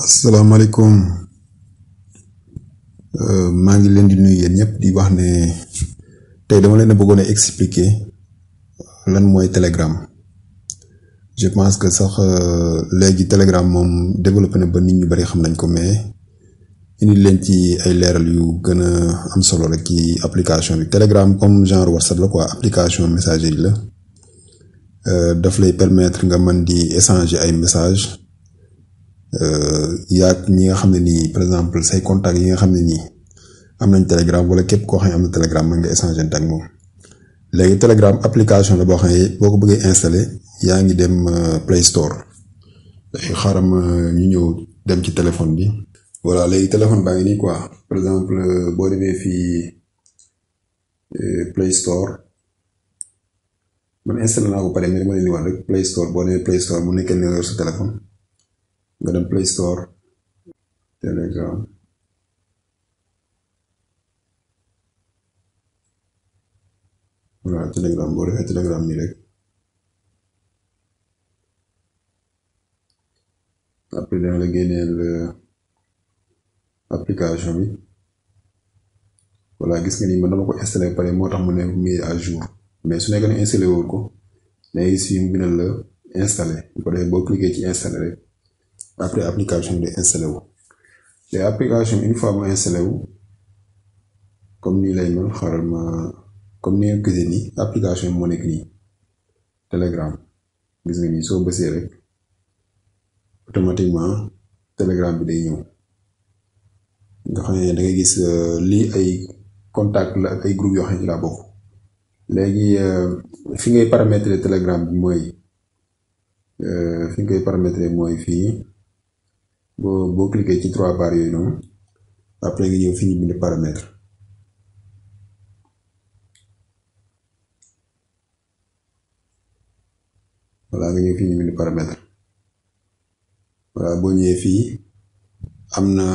asalaamaaleykum euh, maa ngi leen di nuyu yéen ñëpp di wax ne tey dama leen bëggoon a expliquer lan mooy télégramme je pense que sax euh, léegi Telegram moom développé na ba nit ñu bari xam nañ ko mais indi leen ci ay leeral yu gën a am solo rek ci application bi Telegram comme genre WhatsApp la quoi application messagerie la euh, daf lay permettre nga man di échanger ay messages. Euh, yaa ñi nga xam ne nii par exemple say yi nga xam ne nii am nañ telegram wala képp koo xam ne am na telegram mën nga échanger ak moom léegi telegram application la boo xam boo ko bëggee installé yaa ngi dem euh, Play Store xaaral euh, ñu ñëw dem ci téléphone bi. voilà léegi téléphone baa ngi nii quoi par exemple boo demee fii Play Store man installé naa ko pare mais dama leen di rek Play boo demee Play Store bu nekkee ne sa téléphone. nga dem Play Store Telegram voilà Telegram boo defee Telegram nii rek euh, application bi voilà gis nga ni man dama ko installé pare moo tax mu ne mis à jour mais su nekkee ne installé woon ko boo cliqué ci installé rek. après application bi di installé application une fois comme nii lay mel xaaral ma comme ni nga nii application moo nekk nii Telegram gis nga nii soo bësee rek automatiquement Telegram bi day ñëw nga xam ne da gis euh, lii ay contact la ak ay groupe yoo xam laa bokk léegi euh, fi ngay paramétrer Telegram bi mooy euh, fi ngay paramétrer mooy fii boo boo cliquer ci trois barres yooyu noonu après nga ñëw fi ñu bind paramètre voilà nga ñëw fi ñu bind paramètre voilà boo ñëwee fii am na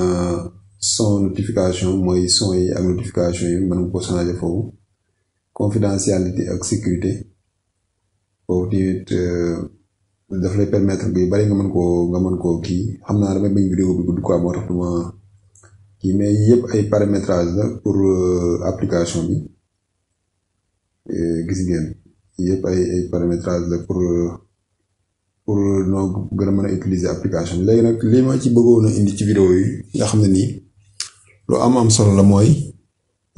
son notification mooy son yi ak notification yi mën nga ko foofu confidentialité ak sécurité foofu tamit euh, daf lay permettre bi bari nga mën koo nga mën koo kii xam naa damay bañ vidéo bi gudd quoi moo tax du ma kii mais yëpp ay paramétrage la pour euh, application bi gis ngeen yëpp ay ay paramétrage la pour euh, pour noo gën a mën a utiliser application bi léegi nag li ma ci bëggoon indi ci vidéo yi nga xam ne nii lu am am solo la mooy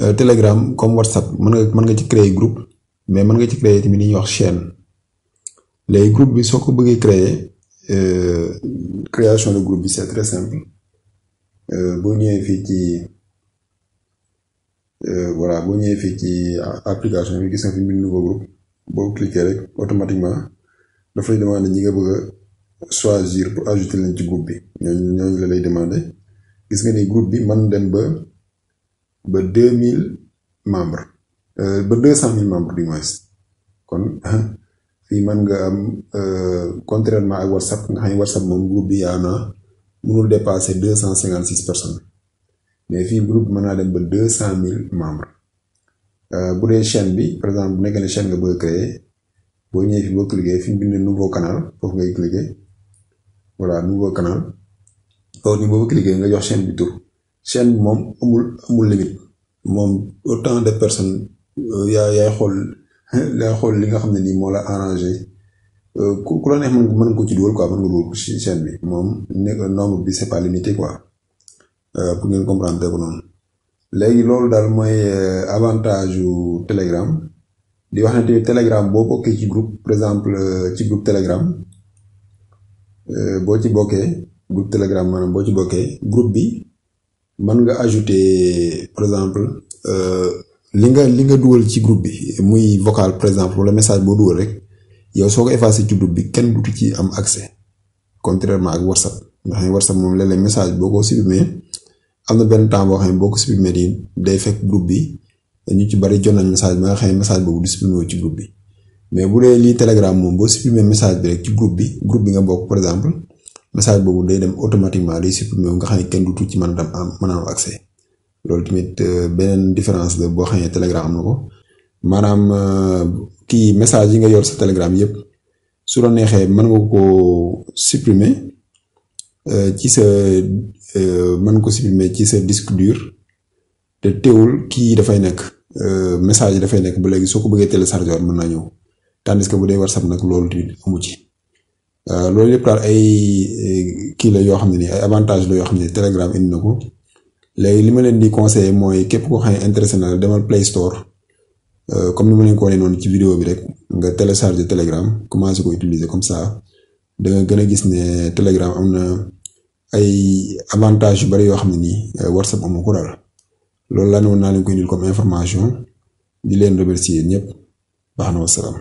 euh, Telegram comme WhatsApp mën nga mën nga ci créer groupe mais mën nga ci créer tamit li ñuy wax chaîne léegi groupe bi soo ko bëggee créer euh, création de groupe bi c'est très simple euh, boo ñëwee fii ci euh, voilà boo ñëwee fii ci application bi gis nga fi mu nouveau groupe boo cliquer rek automatiquement dafay demander ñi nga bëgg a choisir pour ajouter leen ci groupe bi ñooñu la lay demander gis nga ni groupe bi man dem ba ba deux mille membres ba deux cent mille membres du moins kon. fii mën nga am euh, contrairement ak WhatsApp nga xam ne WhatsApp moom groupe bi yaa na mënul dépasser deux cent cinquante six personnes mais fii groupe mën naa dem ba deux cent mille membres euh, bu dee chaîne bi par exemple bu nekkee ne chaîne nga bëgg a créer boo ñëwee fi boo cliquer fi mu bind nouveau canal foofu ngay cliquer voilà nouveau canal foofu nii boobu cliquer nga jox chaîne bi tur chaîne bi moom amul amul limite moom autant de personnes euh, yaa day xool li nga xam ne nii moo la arrangé euh, ku ku mën ko ci dugal quoi mën bi moom nombre bi c'est pas limité euh, ngeen comprendre ko noonu léegi loolu daal mooy euh, avantage yu Telegram di wax ne tamit Telegram boo bokkee ci groupe par exemple ci groupe Telegram boo ci bokkee groupe Telegram maanaam boo ci bokkee groupe bi man nga ajouter par exemple. li nga li nga dugal ci groupe bi muy vocal par exemple wala message boo rek yow soo ko ci groupe bi kenn ci am accès contrairement ak WhatsApp nga xam ne WhatsApp moom léeg-léeg message boo ko supprimé am na benn temps boo xam ne boo ko supprimé nii day fekk groupe bi ci bari jot nañ message ba nga boobu du bu dee lii Telegram moom boo supprimé message bi rek ci groupe bi bokk par exemple message boobu day dem automatiquement day supprimé nga xam ne kenn dutu ci mën a mën a am accès. loolu tamit euh, beneen différence la boo xam ne na ko maanaam euh, kii message yi nga yor sa Telegram yëpp su la neexee mën nga ko supprimer euh, ci sa mën nga ko supprimer ci sa disque dure te teewul kii dafay nekk message yi dafay nekk bu léegi soo ko bëggee télécharger waat mën naa ñëw tandis que bu dee WhatsApp nag loolu tamit amu ci loolu yëpp daal ay kii la yoo xam ne nii ay avantage la yoo xam ne Telegram indi na ko léegi li ma leen di conseiller mooy képp koo xam ne intéressé na la demal Play Store euh, comme ni ma leen ko wane noonu ci vidéo bi rek nga télécharger Telegram commencé ko utiliser comme ça da gën a gis ne Telegram am na ay avantages yu bari yoo xam ne nii euh, WhatsApp amoo ko daal loolu laa ne woon naa leen ko indil comme information di leen remercier ñëpp baax na wasalaam